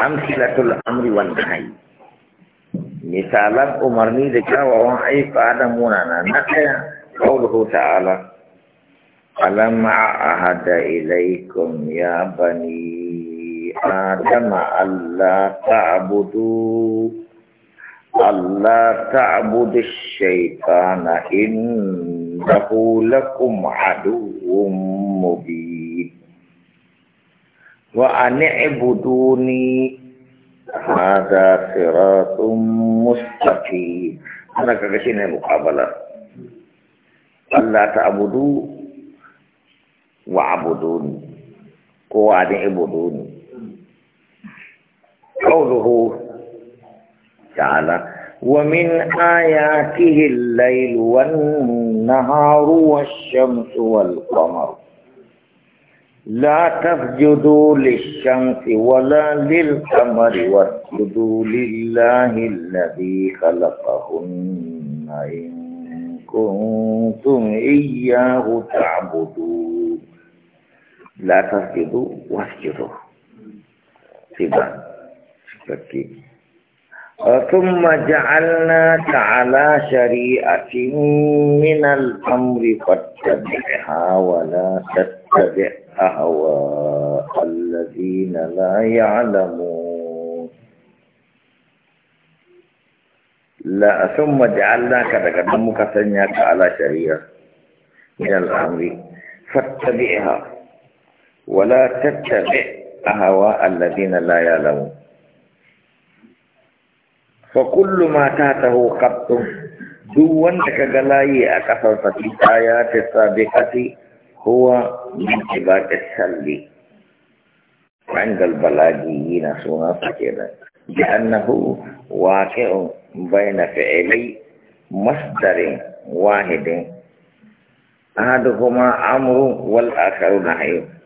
amsilatul amri wan nahyi misalan umarni da kyawawan ayyuka da munana na ɗaya qauluhu ta'ala alam ahada ilaikum ya bani adama alla ta'budu alla ta'budu ash-shaytana innahu lakum aduwwun mubin وأن اعبدوني هذا صراط مستقيم أنا كشين المقابلة ألا تعبدوا وعبدوني وأن اعبدوني قوله تعالى ومن آياته الليل والنهار والشمس والقمر لا تسجدوا للشمس ولا للقمر واسجدوا لله الذي خلقهن إن كنتم إياه تعبدون لا تسجدوا واسجدوا سبحان شكرا ثم جعلناك على شريعة من الأمر فاتبعها ولا تتبع أهواء الذين لا يعلمون لا ثم جعلناك لقدمك سنياك على شريعة من الأمر فاتبعها ولا تتبع أهواء الذين لا يعلمون fa kullu ma tahtahu qattun duk wanda ka ga layi a kasar sa fi ayati sabiqati huwa min ibadati salli rangal balagi yana suna sa kenan bi annahu waqi'un baina fi'lai masdarin wahidin ahaduhuma amru wal akharu nahyu